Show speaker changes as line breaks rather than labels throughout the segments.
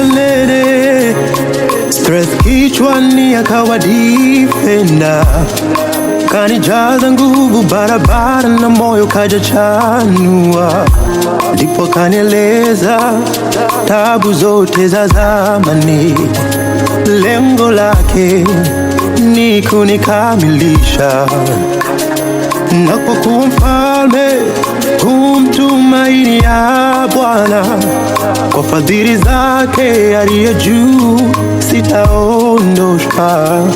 uzelele, stress kichwani akawa defender, kanijaza nguvu barabara na moyo kaja chanua, ndipo kanieleza tabu zote za zamani, lengo lake ni kunikamilisha na kwa kuwa mfalme Kwa fadhili zake aliye juu sitaondoshwa,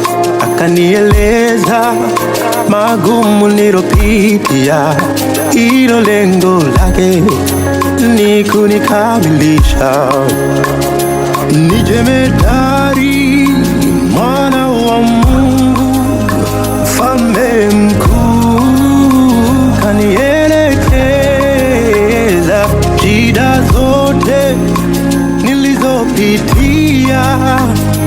akanieleza magumu nilopitia, hilo lengo lake ni kunikamilisha, nije medari kupitia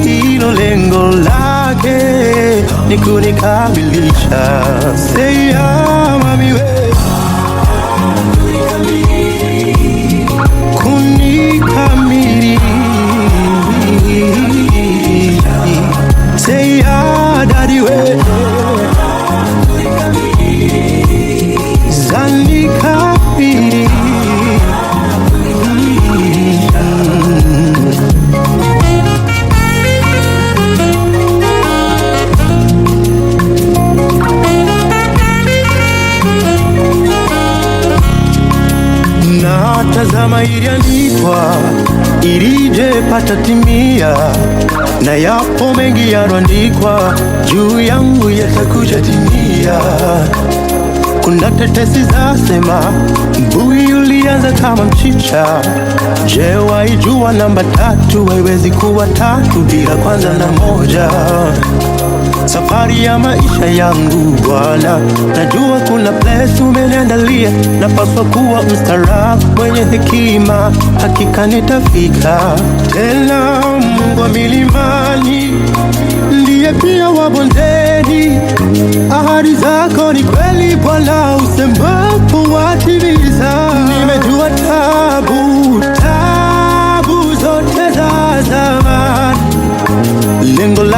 hilo lengo lake ni kunikamilisha watazama iliandikwa ilije patatimia, na yapo mengi yaloandikwa juu yangu yatakuja timia. Kuna tetesi zasema mbui ulianza kama mchicha. Je, waijua namba tatu haiwezi kuwa tatu bila kwanza na moja? safari ya maisha yangu Bwana, najua kuna place umeniandalia, napaswa kuwa mstaarabu mwenye hekima, hakika nitafika tena. Mungu wa milimani ndiye pia wa bondeni, ahadi zako ni kweli Bwana.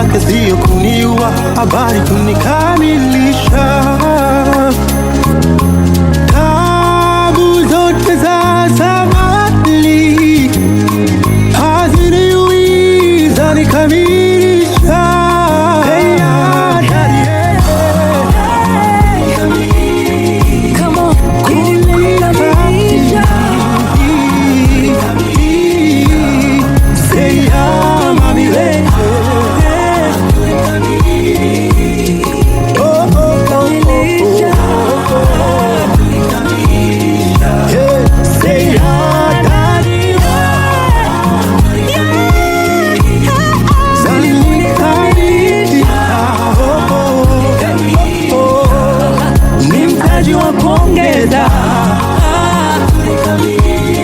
lake sio kuniua, habari tunikamilisha unaji wa pongeza tulikamilisha